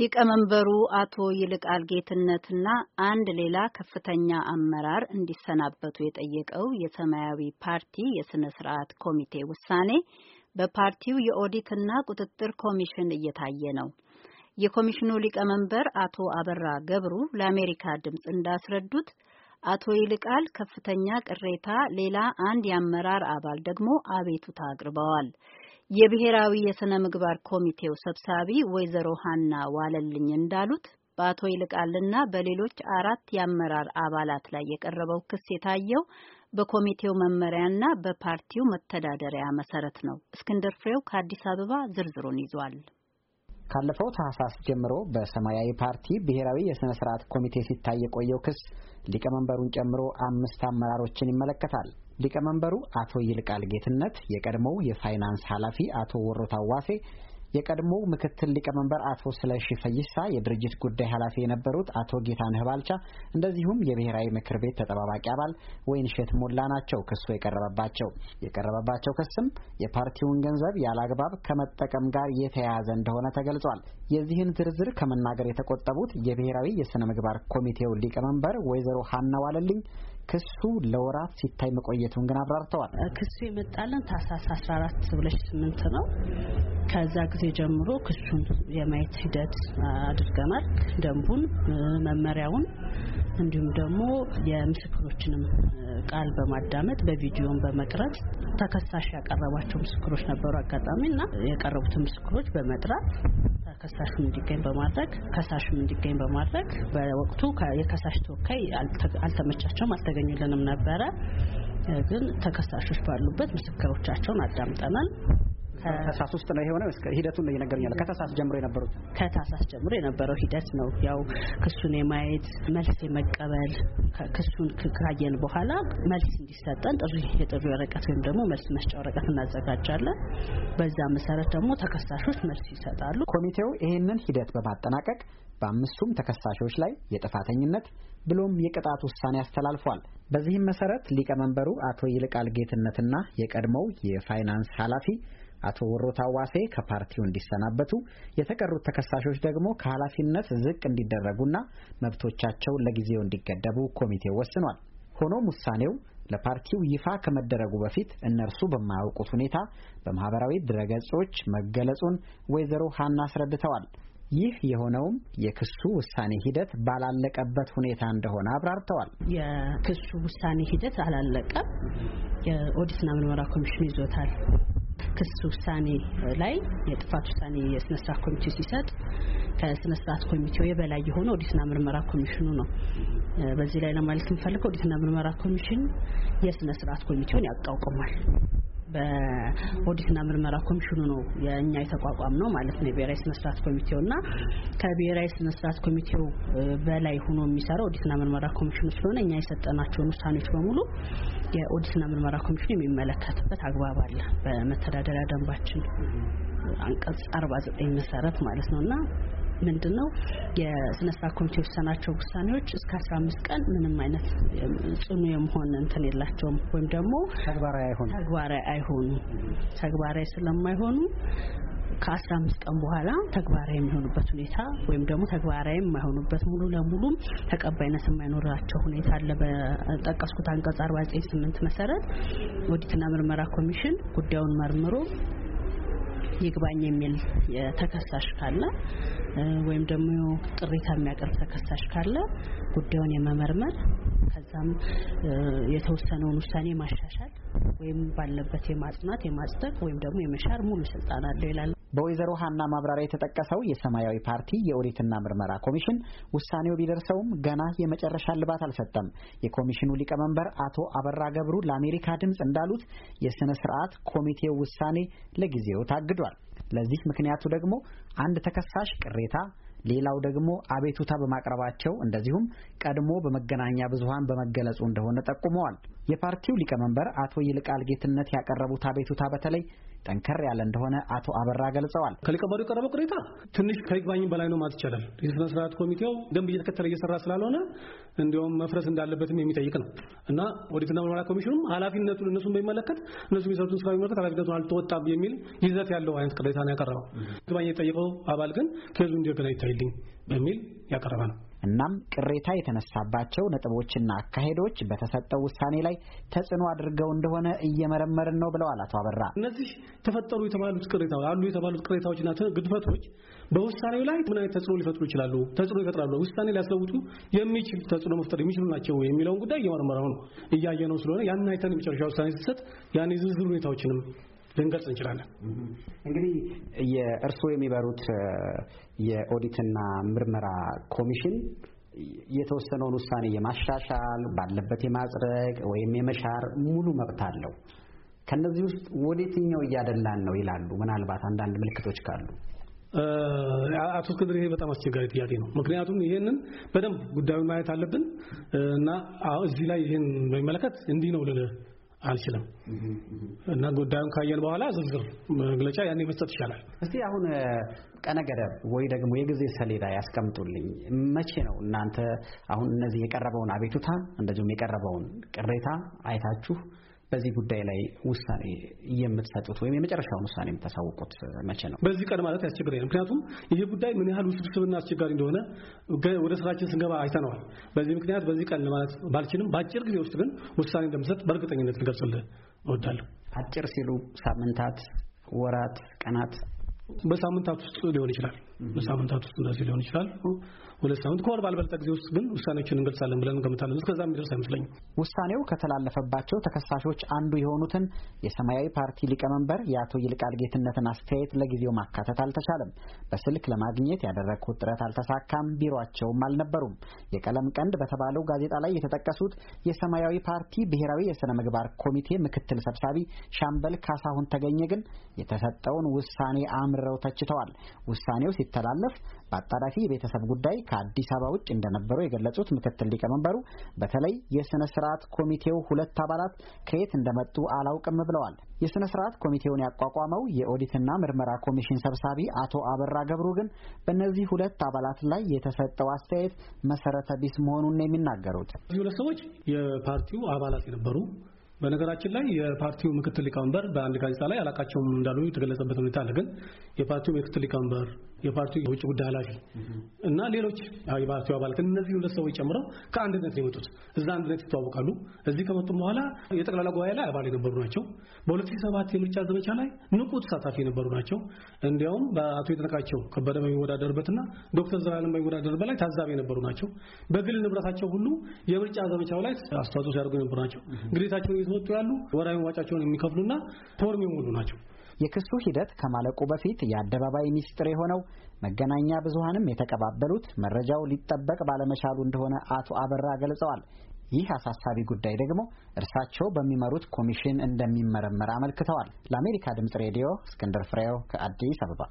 ሊቀመንበሩ አቶ ይልቃል ጌትነትና አንድ ሌላ ከፍተኛ አመራር እንዲሰናበቱ የጠየቀው የሰማያዊ ፓርቲ የስነ ስርዓት ኮሚቴ ውሳኔ በፓርቲው የኦዲትና ቁጥጥር ኮሚሽን እየታየ ነው። የኮሚሽኑ ሊቀመንበር አቶ አበራ ገብሩ ለአሜሪካ ድምፅ እንዳስረዱት አቶ ይልቃል ከፍተኛ ቅሬታ፣ ሌላ አንድ የአመራር አባል ደግሞ አቤቱታ አቅርበዋል። የብሔራዊ የሥነ ምግባር ኮሚቴው ሰብሳቢ ወይዘሮ ሀና ዋለልኝ እንዳሉት በአቶ ይልቃልና በሌሎች አራት የአመራር አባላት ላይ የቀረበው ክስ የታየው በኮሚቴው መመሪያና በፓርቲው መተዳደሪያ መሰረት ነው። እስክንድር ፍሬው ከአዲስ አበባ ዝርዝሩን ይዟል። ካለፈው ታህሳስ ጀምሮ በሰማያዊ ፓርቲ ብሔራዊ የሥነ ስርዓት ኮሚቴ ሲታይ የቆየው ክስ ሊቀመንበሩን ጨምሮ አምስት አመራሮችን ይመለከታል። ሊቀመንበሩ አቶ ይልቃል ጌትነት፣ የቀድሞው የፋይናንስ ኃላፊ አቶ ወሮታ ዋሴ፣ የቀድሞው ምክትል ሊቀመንበር አቶ ስለሺ ፈይሳ፣ የድርጅት ጉዳይ ኃላፊ የነበሩት አቶ ጌታነህ ባልቻ እንደዚሁም የብሔራዊ ምክር ቤት ተጠባባቂ አባል ወይንሸት ሞላ ናቸው ክሱ የቀረበባቸው። የቀረበባቸው ክስም የፓርቲውን ገንዘብ ያለ ከመጠቀም ጋር የተያያዘ እንደሆነ ተገልጿል። የዚህን ዝርዝር ከመናገር የተቆጠቡት የብሔራዊ የሥነ ምግባር ኮሚቴው ሊቀመንበር ወይዘሮ ሀና ዋለልኝ ክሱ ለወራት ሲታይ መቆየቱን ግን አብራርተዋል። ክሱ የመጣልን ታህሳስ 14 ብለሽ ነው። ከዛ ጊዜ ጀምሮ ክሱን የማየት ሂደት አድርገናል። ደንቡን፣ መመሪያውን እንዲሁም ደግሞ የምስክሮችንም ቃል በማዳመጥ በቪዲዮን በመቅረጽ ተከሳሽ ያቀረባቸው ምስክሮች ነበሩ አጋጣሚ እና የቀረቡትን ምስክሮች በመጥራት ተከሳሹም እንዲገኝ በማድረግ ከሳሹም እንዲገኝ በማድረግ በወቅቱ የከሳሽ ተወካይ አልተመቻቸውም፣ አልተገኙልንም ነበረ። ግን ተከሳሾች ባሉበት ምስክሮቻቸውን አዳምጠናል። ከታህሳስ ውስጥ ነው የሆነው። እስከ ሂደቱን እየነገረኝ ያለ ከታህሳስ ጀምሮ የነበሩት ከታህሳስ ጀምሮ የነበረው ሂደት ነው። ያው ክሱን የማየት መልስ የመቀበል ክሱን ካየን በኋላ መልስ እንዲሰጠን ጥሪ የጥሪ ወረቀት ወይም ደግሞ መልስ መስጫ ወረቀት እናዘጋጃለን። በዛ መሰረት ደግሞ ተከሳሾች መልስ ይሰጣሉ። ኮሚቴው ይህንን ሂደት በማጠናቀቅ በአምስቱም ተከሳሾች ላይ የጥፋተኝነት ብሎም የቅጣት ውሳኔ አስተላልፏል። በዚህም መሰረት ሊቀመንበሩ አቶ ይልቃል ጌትነትና የቀድሞው የፋይናንስ ኃላፊ አቶ ወሮታ ዋሴ ከፓርቲው እንዲሰናበቱ፣ የተቀሩት ተከሳሾች ደግሞ ከኃላፊነት ዝቅ እንዲደረጉና መብቶቻቸው ለጊዜው እንዲገደቡ ኮሚቴው ወስኗል። ሆኖም ውሳኔው ለፓርቲው ይፋ ከመደረጉ በፊት እነርሱ በማያውቁት ሁኔታ በማህበራዊ ድረገጾች መገለጹን ወይዘሮ ሀና አስረድተዋል። ይህ የሆነውም የክሱ ውሳኔ ሂደት ባላለቀበት ሁኔታ እንደሆነ አብራርተዋል። የክሱ ውሳኔ ሂደት አላለቀም። የኦዲትና ምርመራ ኮሚሽኑ ይዞታል። ክስ ውሳኔ ላይ የጥፋት ውሳኔ የስነ ስርዓት ኮሚቴው ሲሰጥ ከስነ ስርዓት ኮሚቴው የበላይ የሆነ ኦዲትና ምርመራ ኮሚሽኑ ነው። በዚህ ላይ ለማለት የምፈልገው ኦዲትና ምርመራ ኮሚሽን የስነ ስርዓት ኮሚቴውን ያቋቁማል። በኦዲትና ምርመራ ኮሚሽኑ ነው የእኛ የተቋቋም ነው ማለት ነው የብሔራዊ ስነስርዓት ኮሚቴው እና ከብሔራዊ ስነስርዓት ኮሚቴው በላይ ሆኖ የሚሰራው ኦዲትና ምርመራ ኮሚሽኑ ስለሆነ እኛ የሰጠናቸውን ውሳኔዎች በሙሉ የኦዲትና ምርመራ ኮሚሽኑ የሚመለከትበት አግባብ አለ በመተዳደሪያ ደንባችን አንቀጽ 49 መሰረት ማለት እና ምንድነው ነው ስርዓት ኮሚቴ ውሳናቸው ውሳኔዎች እስከ 15 ቀን ምንም አይነት ጽኑ የመሆን እንትን የላቸውም ወይም ደግሞ ተግባራዊ አይሆኑም ተግባራዊ አይሆኑ ተግባራዊ ስለማይሆኑ ከ15 ቀን በኋላ ተግባራዊ የሚሆኑበት ሁኔታ ወይም ደግሞ ተግባራዊ የማይሆኑበት ሙሉ ለሙሉም ተቀባይነት የማይኖራቸው ሁኔታ አለ። በጠቀስኩት አንቀጽ 498 መሰረት ኦዲትና ምርመራ ኮሚሽን ጉዳዩን መርምሮ ይግባኝ የሚል ተከሳሽ ካለ ወይም ደግሞ ቅሬታ የሚያቀርብ ተከሳሽ ካለ ጉዳዩን የመመርመር ከዛም የተወሰነውን ውሳኔ ማሻሻል ወይም ባለበት የማጽናት የማጽደቅ ወይም ደግሞ የመሻር ሙሉ ስልጣን አለው ይላል በወይዘሮ ሀና ማብራሪያ የተጠቀሰው የሰማያዊ ፓርቲ የኦዲትና ምርመራ ኮሚሽን ውሳኔው ቢደርሰውም ገና የመጨረሻ እልባት አልሰጠም። የኮሚሽኑ ሊቀመንበር አቶ አበራ ገብሩ ለአሜሪካ ድምፅ እንዳሉት የሥነ ሥርዓት ኮሚቴው ውሳኔ ለጊዜው ታግዷል። ለዚህ ምክንያቱ ደግሞ አንድ ተከሳሽ ቅሬታ ሌላው ደግሞ አቤቱታ በማቅረባቸው እንደዚሁም ቀድሞ በመገናኛ ብዙሃን በመገለጹ እንደሆነ ጠቁመዋል። የፓርቲው ሊቀመንበር አቶ ይልቃል ጌትነት ያቀረቡት አቤቱታ በተለይ ጠንከር ያለ እንደሆነ አቶ አበራ ገልጸዋል። ከሊቀመንበሩ የቀረበው ቅሬታ ትንሽ ከይግባኝ በላይ ነው ማለት ይቻላል። የስነ ስርዓት ኮሚቴው ደንብ እየተከተለ እየሰራ ስላልሆነ እንዲሁም መፍረስ እንዳለበትም የሚጠይቅ ነው እና ኦዲትና ምርመራ ኮሚሽኑም ኃላፊነቱን እነሱን በሚመለከት እነሱ የሚሰሩትን ስራ የሚመለከት ኃላፊነቱን አልተወጣም የሚል ይዘት ያለው አይነት ቅሬታ ነው ያቀረበው። ይግባኝ የጠየቀው አባል ግን ከዙ እንዲገና ይታይልኝ በሚል ያቀረበ ነው። እናም ቅሬታ የተነሳባቸው ነጥቦችና አካሄዶች በተሰጠው ውሳኔ ላይ ተጽዕኖ አድርገው እንደሆነ እየመረመርን ነው ብለዋል አቶ አበራ። እነዚህ ተፈጠሩ የተባሉት ቅሬታ አሉ የተባሉት ቅሬታዎችና ግድፈቶች በውሳኔው ላይ ምን አይነት ተጽዕኖ ሊፈጥሩ ይችላሉ? ተጽዕኖ ይፈጥራሉ፣ ውሳኔ ሊያስለውጡ የሚችል ተጽዕኖ መፍጠር የሚችሉ ናቸው የሚለውን ጉዳይ እየመረመረው ነው እያየ ነው ስለሆነ ያን አይተን የመጨረሻ ውሳኔ ሲሰጥ ያን የዝርዝር ሁኔታዎችንም ልንገልጽ እንችላለን። እንግዲህ የእርስዎ የሚበሩት የኦዲትና ምርመራ ኮሚሽን የተወሰነውን ውሳኔ የማሻሻል ባለበት የማጽደቅ ወይም የመሻር ሙሉ መብት አለው። ከነዚህ ውስጥ ወደየትኛው እያደላን ነው ይላሉ? ምናልባት አንዳንድ ምልክቶች ካሉ። አቶ እስክንድር ይሄ በጣም አስቸጋሪ ጥያቄ ነው። ምክንያቱም ይሄንን በደንብ ጉዳዩን ማየት አለብን እና እዚህ ላይ ይሄን በሚመለከት እንዲህ ነው ልልህ አልችልም እና ጉዳዩን ካየን በኋላ ዝርዝር መግለጫ ያኔ መስጠት ይቻላል። እስቲ አሁን ቀነ ገደብ ወይ ደግሞ የጊዜ ሰሌዳ ያስቀምጡልኝ። መቼ ነው እናንተ አሁን እነዚህ የቀረበውን አቤቱታ እንደዚሁም የቀረበውን ቅሬታ አይታችሁ በዚህ ጉዳይ ላይ ውሳኔ የምትሰጡት ወይም የመጨረሻውን ውሳኔ የምታሳውቁት መቼ ነው? በዚህ ቀን ማለት ያስቸግረኛል። ምክንያቱም ይህ ጉዳይ ምን ያህል ውስብስብና አስቸጋሪ እንደሆነ ወደ ስራችን ስንገባ አይተነዋል። በዚህ ምክንያት በዚህ ቀን ለማለት ባልችልም፣ በአጭር ጊዜ ውስጥ ግን ውሳኔ እንደምሰጥ በእርግጠኝነት ልገልጽልህ እወዳለሁ። አጭር ሲሉ ሳምንታት፣ ወራት፣ ቀናት በሳምንታት ውስጥ ሊሆን ይችላል። በሳምንታት ውስጥ እንደዚህ ሊሆን ይችላል። ሁለት ሳምንት ከወር ባልበለጠ ጊዜ ውስጥ ግን ውሳኔዎችን እንገልጻለን ብለን እንገምታለን። እስከዛ የሚደርስ አይመስለኝም። ውሳኔው ከተላለፈባቸው ተከሳሾች አንዱ የሆኑትን የሰማያዊ ፓርቲ ሊቀመንበር የአቶ ይልቃል ጌትነትን አስተያየት ለጊዜው ማካተት አልተቻለም። በስልክ ለማግኘት ያደረግኩት ጥረት አልተሳካም። ቢሮቸውም አልነበሩም። የቀለም ቀንድ በተባለው ጋዜጣ ላይ የተጠቀሱት የሰማያዊ ፓርቲ ብሔራዊ የሥነ ምግባር ኮሚቴ ምክትል ሰብሳቢ ሻምበል ካሳሁን ተገኘ ግን የተሰጠውን ውሳኔ አምርረው ተችተዋል። ውሳኔው ሲተላለፍ በአጣዳፊ የቤተሰብ ጉዳይ ከአዲስ አበባ ውጭ እንደነበሩ የገለጹት ምክትል ሊቀመንበሩ በተለይ የሥነ ስርዓት ኮሚቴው ሁለት አባላት ከየት እንደመጡ አላውቅም ብለዋል። የሥነ ስርዓት ኮሚቴውን ያቋቋመው የኦዲትና ምርመራ ኮሚሽን ሰብሳቢ አቶ አበራ ገብሩ ግን በእነዚህ ሁለት አባላት ላይ የተሰጠው አስተያየት መሰረተ ቢስ መሆኑን ነው የሚናገሩት። እዚህ ሁለት ሰዎች የፓርቲው አባላት የነበሩ በነገራችን ላይ የፓርቲው ምክትል ሊቀመንበር በአንድ ጋዜጣ ላይ አላቃቸውም እንዳሉ የተገለጸበት ሁኔታ አለ። ግን የፓርቲው ምክትል ሊቀመንበር፣ የፓርቲው የውጭ ጉዳይ ኃላፊ እና ሌሎች የፓርቲው አባላት እነዚህ ሁለት ሰዎች ጨምረው ከአንድነት የመጡት። እዛ አንድነት ይተዋወቃሉ። እዚህ ከመጡ በኋላ የጠቅላላ ጉባኤ ላይ አባል የነበሩ ናቸው። ሰባት የምርጫ ዘመቻ ላይ ንቁ ተሳታፊ የነበሩ ናቸው። እንዲያውም በአቶ ይድነቃቸው ከበደ በሚወዳደርበትና ዶክተር ዘላለም በሚወዳደርበት ላይ ታዛቢ የነበሩ ናቸው። በግል ንብረታቸው ሁሉ የምርጫ ዘመቻው ላይ አስተዋጽኦ ሲያደርጉ የነበሩ ናቸው። ግዴታቸውን እየወጡ ያሉ ወራዊ ዋጫቸውን የሚከፍሉና ፎርም የሞሉ ናቸው። የክሱ ሂደት ከማለቁ በፊት የአደባባይ ሚስጥር የሆነው መገናኛ ብዙሃንም የተቀባበሉት መረጃው ሊጠበቅ ባለመቻሉ እንደሆነ አቶ አበራ ገልጸዋል። ይህ አሳሳቢ ጉዳይ ደግሞ እርሳቸው በሚመሩት ኮሚሽን እንደሚመረመር አመልክተዋል። ለአሜሪካ ድምጽ ሬዲዮ እስክንድር ፍሬው ከአዲስ አበባ